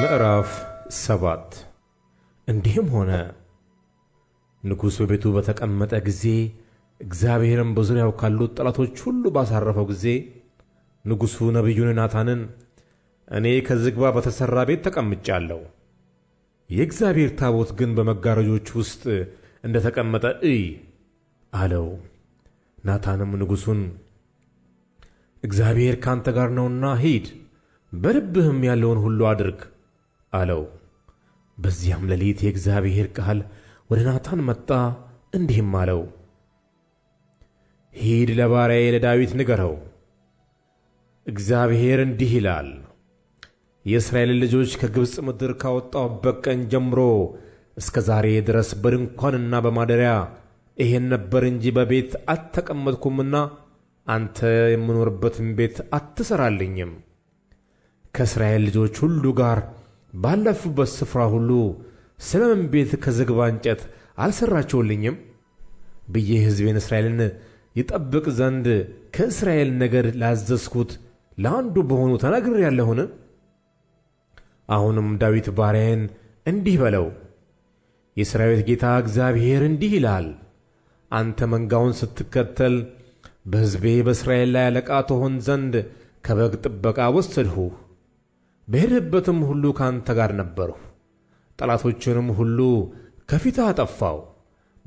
ምዕራፍ ሰባት እንዲህም ሆነ ንጉሥ በቤቱ በተቀመጠ ጊዜ እግዚአብሔርም በዙሪያው ካሉት ጠላቶች ሁሉ ባሳረፈው ጊዜ ንጉሡ ነቢዩን ናታንን እኔ ከዝግባ በተሠራ ቤት ተቀምጫለሁ፣ የእግዚአብሔር ታቦት ግን በመጋረጆች ውስጥ እንደ ተቀመጠ እይ አለው። ናታንም ንጉሡን እግዚአብሔር ካንተ ጋር ነውና ሂድ፣ በልብህም ያለውን ሁሉ አድርግ አለው። በዚያም ሌሊት የእግዚአብሔር ቃል ወደ ናታን መጣ፣ እንዲህም አለው፦ ሂድ ለባሪያዬ ለዳዊት ንገረው፣ እግዚአብሔር እንዲህ ይላል የእስራኤልን ልጆች ከግብፅ ምድር ካወጣሁበት ቀን ጀምሮ እስከ ዛሬ ድረስ በድንኳንና በማደሪያ ይሄን ነበር እንጂ በቤት አልተቀመጥኩምና አንተ የምኖርበትን ቤት አትሰራልኝም። ከእስራኤል ልጆች ሁሉ ጋር ባላችሁበት ስፍራ ሁሉ ስለምን ቤት ከዝግባ እንጨት አልሰራችሁልኝም ብዬ ሕዝቤን እስራኤልን ይጠብቅ ዘንድ ከእስራኤል ነገድ ላዘዝኩት ለአንዱ በሆኑ ያለሁን? አሁንም ዳዊት ባሪያን እንዲህ በለው፣ የሠራዊት ጌታ እግዚአብሔር እንዲህ ይላል፣ አንተ መንጋውን ስትከተል በሕዝቤ በእስራኤል ላይ አለቃ ትሆን ዘንድ ከበግ ጥበቃ ወሰድሁህ። በሄድህበትም ሁሉ ካንተ ጋር ነበርሁ። ጠላቶችንም ሁሉ ከፊትህ አጠፋው።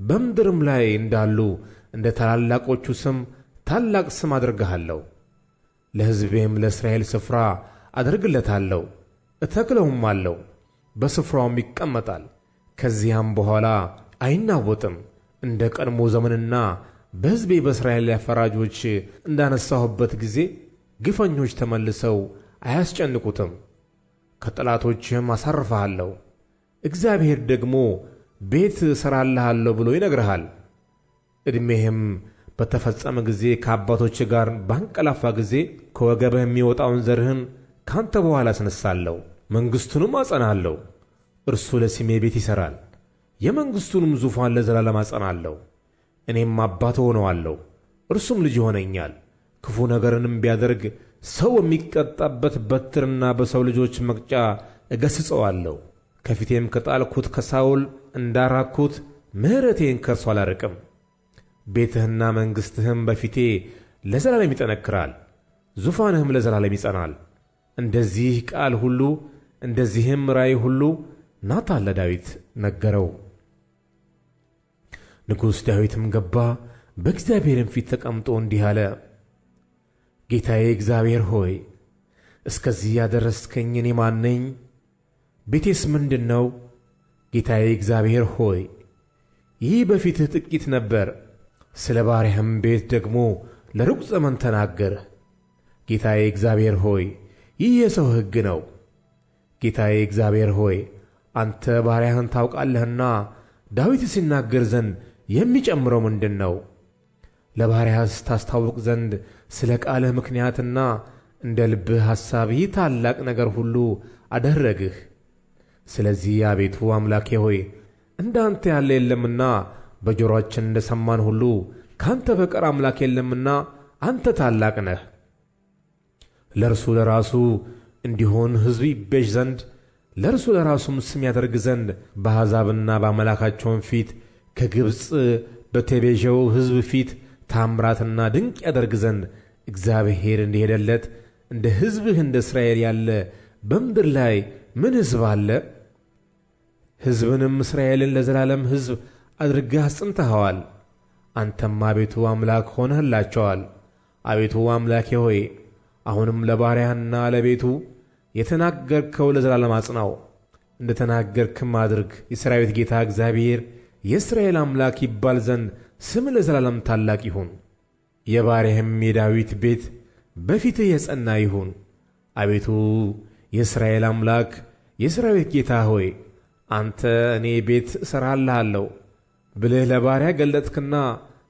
በምድርም ላይ እንዳሉ እንደ ታላላቆቹ ስም ታላቅ ስም አድርግሃለሁ። ለሕዝቤም ለእስራኤል ስፍራ አደርግለታለሁ፣ እተክለውም አለው፣ በስፍራውም ይቀመጣል። ከዚያም በኋላ አይናወጥም። እንደ ቀድሞ ዘመንና በሕዝቤ በእስራኤል ላይ ፈራጆች እንዳነሳሁበት ጊዜ ግፈኞች ተመልሰው አያስጨንቁትም። ከጠላቶችህም አሳርፈሃለሁ። እግዚአብሔር ደግሞ ቤት እሠራልሃለሁ ብሎ ይነግርሃል። ዕድሜህም በተፈጸመ ጊዜ ከአባቶች ጋር ባንቀላፋ ጊዜ ከወገብህ የሚወጣውን ዘርህን ካንተ በኋላ አስነሳለሁ፣ መንግሥቱንም አጸናለሁ። እርሱ ለስሜ ቤት ይሠራል፣ የመንግሥቱንም ዙፋን ለዘላለም አጸናለሁ። እኔም አባት ሆነዋለሁ፣ እርሱም ልጅ ይሆነኛል። ክፉ ነገርንም ቢያደርግ ሰው የሚቀጣበት በትርና በሰው ልጆች መቅጫ እገስጸዋለሁ፣ ከፊቴም ከጣልኩት ከሳውል እንዳራኩት ምሕረቴን ከእርሱ አላርቅም። ቤትህና መንግሥትህም በፊቴ ለዘላለም ይጠነክራል፣ ዙፋንህም ለዘላለም ይጸናል። እንደዚህ ቃል ሁሉ እንደዚህም ራእይ ሁሉ ናታን ለዳዊት ነገረው። ንጉሥ ዳዊትም ገባ፣ በእግዚአብሔርም ፊት ተቀምጦ እንዲህ አለ፦ ጌታዬ እግዚአብሔር ሆይ እስከዚህ ያደረስከኝ እኔ ማን ነኝ? ቤቴስ ምንድን ነው? ጌታዬ እግዚአብሔር ሆይ ይህ በፊትህ ጥቂት ነበር፣ ስለ ባሪያህም ቤት ደግሞ ለሩቅ ዘመን ተናገርህ። ጌታዬ እግዚአብሔር ሆይ ይህ የሰው ሕግ ነው። ጌታዬ እግዚአብሔር ሆይ አንተ ባሪያህን ታውቃለህና ዳዊት ሲናገር ዘንድ የሚጨምረው ምንድን ነው? ለባሪያህስ ታስታውቅ ዘንድ ስለ ቃልህ ምክንያትና እንደ ልብህ ሐሳብ ይህ ታላቅ ነገር ሁሉ አደረግህ። ስለዚህ አቤቱ አምላኬ ሆይ እንደ አንተ ያለ የለምና በጆሮአችን እንደ ሰማን ሁሉ ካንተ በቀር አምላክ የለምና አንተ ታላቅ ነህ። ለእርሱ ለራሱ እንዲሆን ሕዝብ ይቤዥ ዘንድ ለእርሱ ለራሱም ስም ያደርግ ዘንድ በአሕዛብና በአምላካቸውም ፊት ከግብፅ በተቤዠው ሕዝብ ፊት ታምራትና ድንቅ ያደርግ ዘንድ እግዚአብሔር እንደሄደለት እንደ ሕዝብህ እንደ እስራኤል ያለ በምድር ላይ ምን ሕዝብ አለ? ሕዝብንም እስራኤልን ለዘላለም ሕዝብ አድርገህ አጽንተኸዋል። አንተም አቤቱ አምላክ ሆነህላቸዋል። አቤቱ አምላኬ ሆይ አሁንም ለባሪያህና ለቤቱ የተናገርከው ለዘላለም አጽናው፣ እንደ ተናገርክም አድርግ። የሰራዊት ጌታ እግዚአብሔር የእስራኤል አምላክ ይባል ዘንድ ስም ለዘላለም ታላቅ ይሁን። የባሪያህም የዳዊት ቤት በፊትህ የጸና ይሁን። አቤቱ የእስራኤል አምላክ የሠራዊት ጌታ ሆይ አንተ እኔ ቤት እሠራልሃለሁ ብልህ ለባሪያ ገለጥክና፣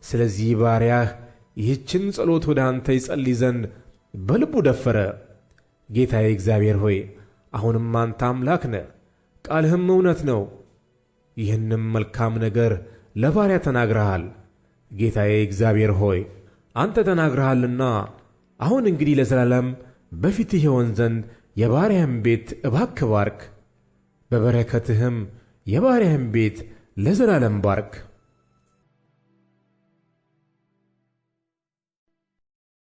ስለዚህ ባሪያህ ይህችን ጸሎት ወደ አንተ ይጸልይ ዘንድ በልቡ ደፈረ። ጌታዬ እግዚአብሔር ሆይ አሁንም አንተ አምላክ ነህ፣ ቃልህም እውነት ነው። ይህንም መልካም ነገር ለባሪያ ተናግረሃል። ጌታዬ እግዚአብሔር ሆይ አንተ ተናግረሃልና አሁን እንግዲህ ለዘላለም በፊትህ ይሆን ዘንድ የባሪያህን ቤት እባክህ ባርክ፤ በበረከትህም የባሪያህን ቤት ለዘላለም ባርክ።